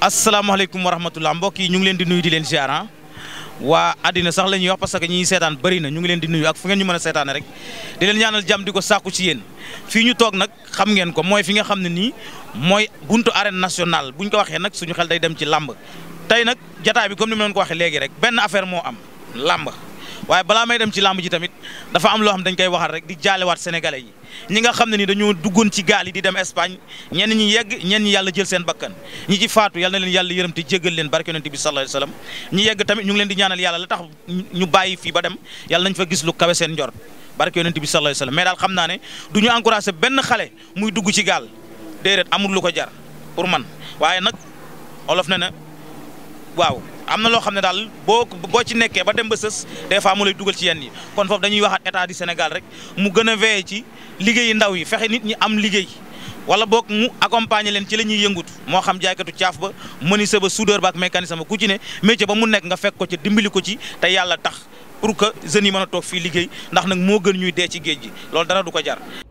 asalaamaaleykum wa rahmatulah mbokk yi ñu ngi leen di nuyu di leen ziar ah. waa àddina sax la ñuy wax parce que ñi seetaan bëri na ñu ngi leen di nuyu ak fu ngeen ñu mën a seetaane rek di leen ñaanal jàmm di ko sàkku ci yéen fii ñu toog nag xam ngeen ko mooy fi nga xam ne nii mooy buntu arène nationale buñ ko waxee nag suñu xel day dem ci làmb tey nag jataay bi comme ni ma ko waxee léegi rek benn affaire moo am làmb waaye balaa may dem ci làmb ji tamit dafa am loo xam dañ koy waxal rek di jaalewaat sénégalais yi ñi nga xam ne ni dañoo duggoon ci gaal yi di dem Espagne ñenn ñi yegg ñenn ñi yàlla jël seen bakkan ñi ci faatu yal na leen yàlla yërëm te jéggal leen barke yonent bi sallallahu alayhi wasallam ñi yegg tamit ñu ngi leen di ñaanal yàlla la tax ñu bàyyi fii ba dem yàlla nañ fa gis lu kawe seen njort barke yonent bi sallallahu alayhi wasallam mais daal xam naa ne du ñu encouragé benn xale muy dugg gaal déedéet amul lu ko jar pour man waaye nag waaw am na loo xam ne daal boo boo ci nekkee ba dem ba sës des fois mu lay dugal ci yenn yi kon foofu dañuy waxaat état du Sénégal rek mu gën a veillé ci liggéeyu ndaw yi fexe nit ñi am liggéey wala boog mu accompagner leen ci la ñuy yëngutu moo xam jaaykatu caaf ba menuisier ba soudeur ba ak mécanicien ba ku ci ne métier ba mu nekk nga fekk ko ca dimbali ko ci te yàlla tax pour que jeunes yi mën a toog fii liggéey ndax nag moo gën ñuy dee ci géej gi loolu dara du ko jar.